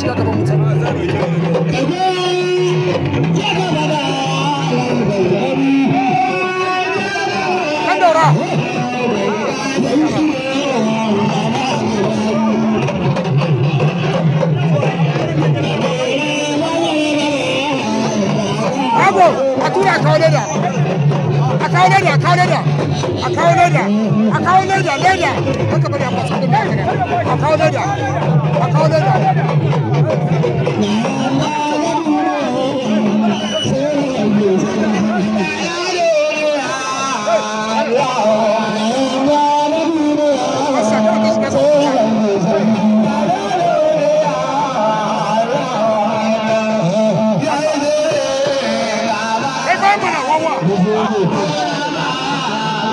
姿も見せ kawo leda a kawo leda a leda leda haka bari a kwasa din a leda a leda Thank you.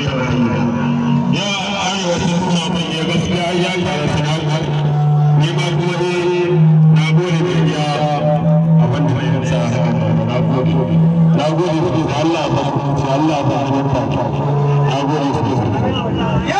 Allah ba Allah ba Allah ba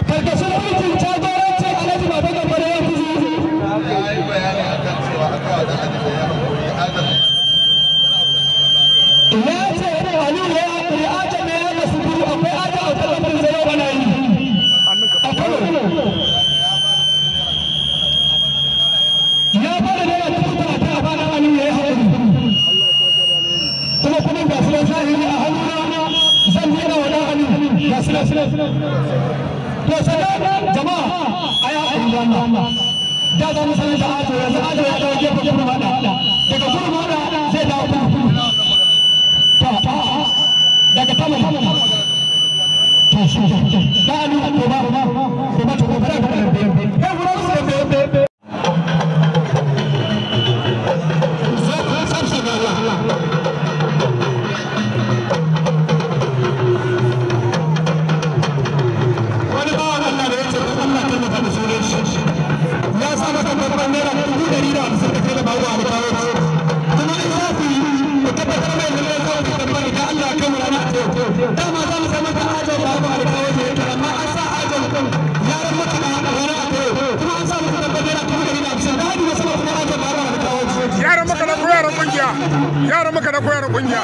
to sannan jama'a a yi haƙuri wannan da za mu sanar da ajo koyar kungiya